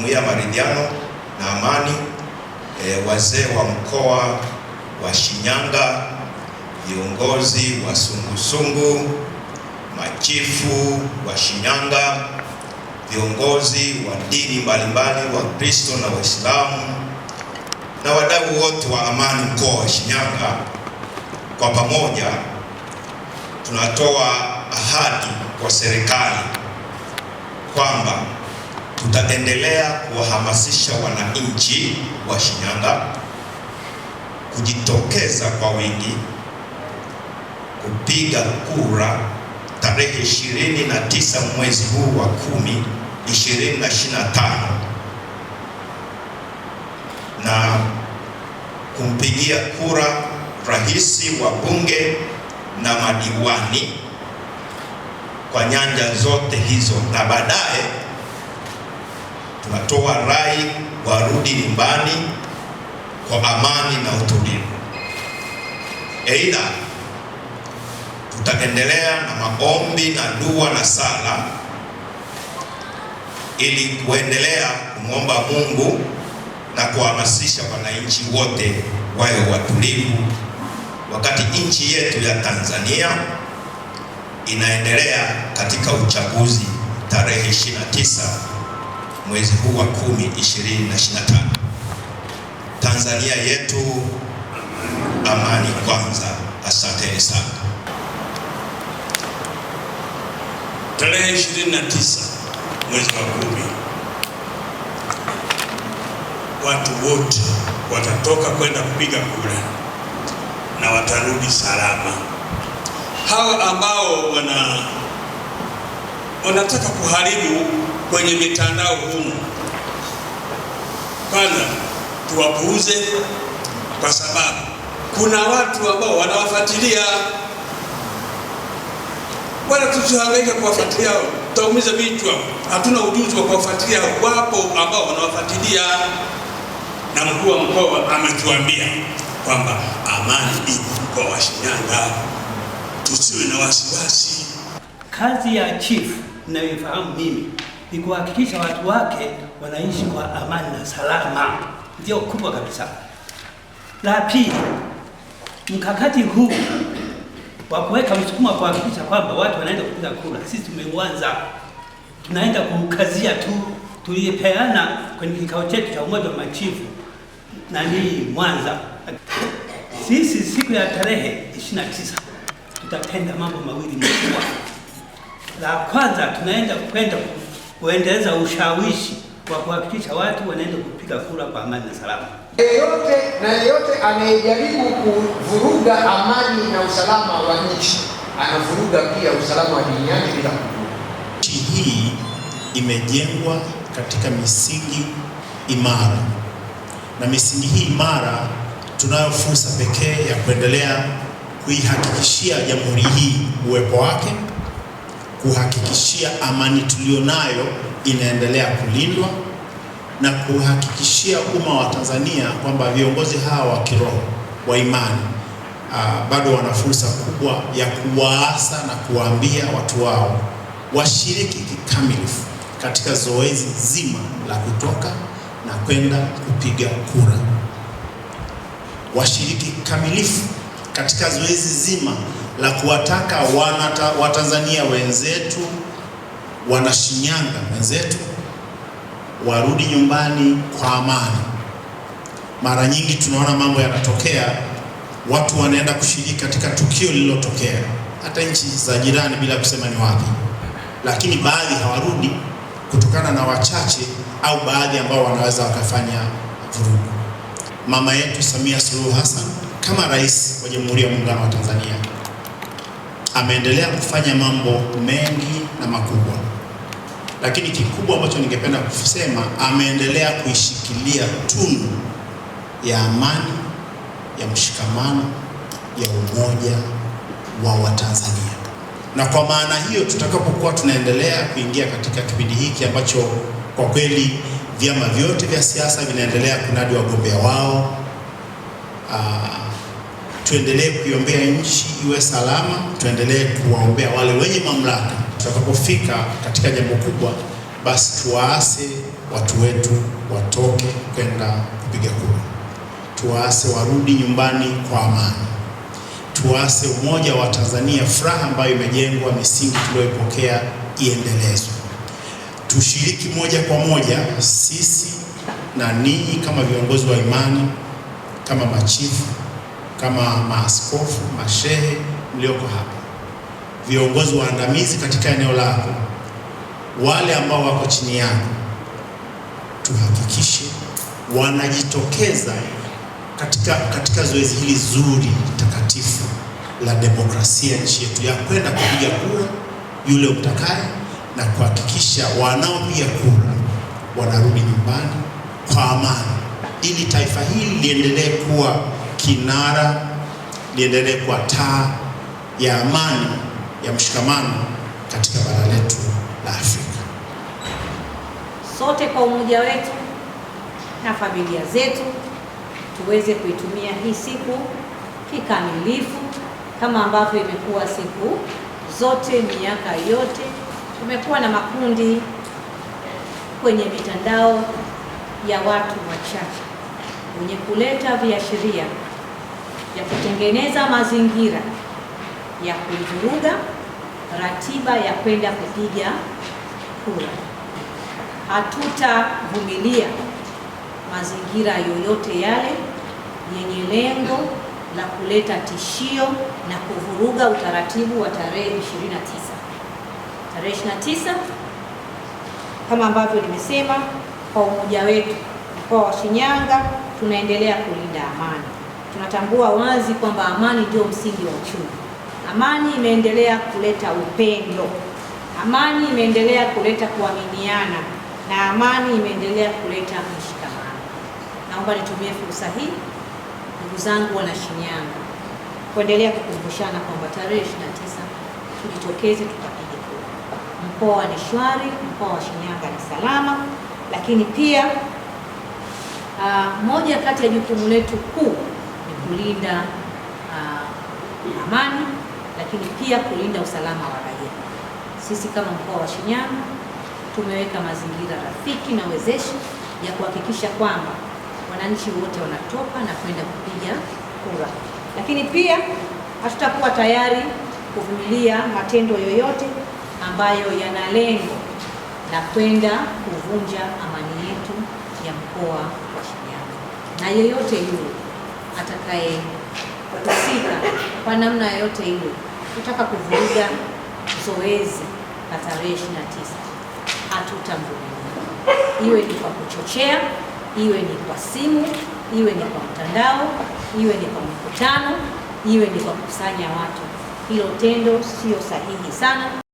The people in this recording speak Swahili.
jumuiya maridhiano na amani e, wazee wa mkoa wa Shinyanga, viongozi wa sungusungu, machifu wa Shinyanga, viongozi wa dini mbalimbali wa Kristo na Waislamu na wadau wote wa amani mkoa wa Shinyanga, kwa pamoja tunatoa ahadi kwa serikali kwamba tutaendelea kuwahamasisha wananchi wa Shinyanga kujitokeza kwa wingi kupiga kura tarehe 29 mwezi huu wa 10 2025 na kumpigia kura rais wa bunge na madiwani kwa nyanja zote hizo na baadaye tunatoa rai warudi nyumbani kwa amani na utulivu. Aidha, tutaendelea na maombi na dua na sala ili kuendelea kumwomba Mungu na kuhamasisha wananchi wote wawe watulivu wakati nchi yetu ya Tanzania inaendelea katika uchaguzi tarehe 29 mwezi huu wa 10 Tanzania yetu amani kwanza. Asanteni sana. Tarehe 29 mwezi wa 10 watu wote watatoka kwenda kupiga kura na watarudi salama. Hawa ambao wana wanataka kuharibu kwenye mitandao humu. Kwanza tuwapuuze, kwa sababu kuna watu ambao wanawafuatilia. Wala tusihangaike kuwafuatilia, tutaumiza vichwa. Hatuna ujuzi wa kuwafuatilia. Wapo ambao wanawafuatilia, na mkuu wa mkoa ametuambia kwamba amani ipo mkoa wa Shinyanga, tusiwe na wasiwasi. Kazi ya chifu nayoifahamu mimi ni kuhakikisha watu wake wanaishi kwa amani na salama, ndio kubwa kabisa. La pili, mkakati huu wa kuweka msukumo wa kuhakikisha kwamba watu wanaenda kupiga kura, sisi tumeuanza, tunaenda kuukazia tu. Tulipeana kwenye kikao chetu cha umoja wa machifu nanii Mwanza, sisi siku ya tarehe 29 tutatenda mambo mawili makubwa. La kwanza tunaenda kwenda kuendeleza ushawishi wa kuhakikisha watu wanaenda kupiga kura kwa amani na salama. Yeyote na yeyote anayejaribu kuvuruga amani na usalama wa nchi anavuruga pia usalama wa dini yake bila kujua. Nchi hii imejengwa katika misingi imara, na misingi hii imara tunayo fursa pekee ya kuendelea kuihakikishia jamhuri hii uwepo wake kuhakikishia amani tuliyonayo inaendelea kulindwa na kuhakikishia umma wa Tanzania kwamba viongozi hawa wa kiroho wa imani uh, bado wana fursa kubwa ya kuwaasa na kuwaambia watu wao washiriki kikamilifu katika zoezi zima la kutoka na kwenda kupiga kura, washiriki kikamilifu katika zoezi zima la kuwataka wanata, Watanzania wenzetu Wanashinyanga wenzetu warudi nyumbani kwa amani. Mara nyingi tunaona mambo yanatokea, watu wanaenda kushiriki katika tukio lililotokea hata nchi za jirani bila kusema ni wapi, lakini baadhi hawarudi kutokana na wachache au baadhi ambao wanaweza wakafanya vurugu. Mama yetu Samia Suluhu Hassan kama rais wa Jamhuri ya Muungano wa Tanzania ameendelea kufanya mambo mengi na makubwa, lakini kikubwa ambacho ningependa kusema, ameendelea kuishikilia tunu ya amani, ya mshikamano, ya umoja wa Watanzania. Na kwa maana hiyo, tutakapokuwa tunaendelea kuingia katika kipindi hiki ambacho kwa kweli vyama vyote vya siasa vinaendelea kunadi wagombea wao aa, tuendelee kuiombea nchi iwe salama, tuendelee kuwaombea wale wenye mamlaka. Tutakapofika katika jambo kubwa, basi tuwaase watu wetu watoke kwenda kupiga kura, tuwaase warudi nyumbani kwa amani, tuwaase umoja wa Tanzania, furaha ambayo imejengwa, misingi tuliyoipokea iendelezwe. Tushiriki moja kwa moja sisi na ninyi kama viongozi wa imani, kama machifu kama maaskofu, mashehe mlioko hapa, viongozi waandamizi katika eneo lako, wale ambao wako chini yako, tuhakikishe wanajitokeza katika, katika zoezi hili zuri takatifu la demokrasia nchi yetu ya kwenda kupiga kura yule utakaye na kuhakikisha wanaopiga kura wanarudi nyumbani kwa amani ili taifa hili liendelee kuwa kinara liendelee kwa taa ya amani ya mshikamano katika bara letu la Afrika. Sote kwa umoja wetu na familia zetu tuweze kuitumia hii siku kikamilifu kama ambavyo imekuwa siku zote miaka yote. Tumekuwa na makundi kwenye mitandao ya watu wachache wenye kuleta viashiria ya kutengeneza mazingira ya kuivuruga ratiba ya kwenda kupiga kura. Hatutavumilia mazingira yoyote yale yenye lengo la kuleta tishio na kuvuruga utaratibu wa tarehe 29. Tarehe 29 kama ambavyo nimesema, kwa umoja wetu mkoa wa Shinyanga tunaendelea kulinda amani tunatambua wazi kwamba amani ndio msingi wa uchumi. Amani imeendelea kuleta upendo, amani imeendelea kuleta kuaminiana na amani imeendelea kuleta mshikamano. Naomba nitumie fursa hii, ndugu zangu wana Shinyanga, kuendelea kukumbushana kwamba tarehe 29 tujitokeze, tukapige kura. Mkoa ni shwari, mkoa wa Shinyanga ni salama, lakini pia Uh, moja kati ya jukumu letu kuu kulinda uh, amani lakini pia kulinda usalama wa raia. Sisi kama mkoa wa Shinyanga tumeweka mazingira rafiki na wezeshi ya kuhakikisha kwamba wananchi wote wanatoka na kwenda kupiga kura, lakini pia hatutakuwa tayari kuvumilia matendo yoyote ambayo yana lengo la kwenda kuvunja amani yetu ya mkoa wa Shinyanga na yeyote yule atakayehusika kwa namna yoyote ile kutaka kuvuruga zoezi la tarehe 29 hatutamvumilia, iwe ni kwa kuchochea, iwe ni kwa simu, iwe ni kwa mtandao, iwe ni kwa mkutano iwe ni kwa kukusanya watu. Hilo tendo sio sahihi sana.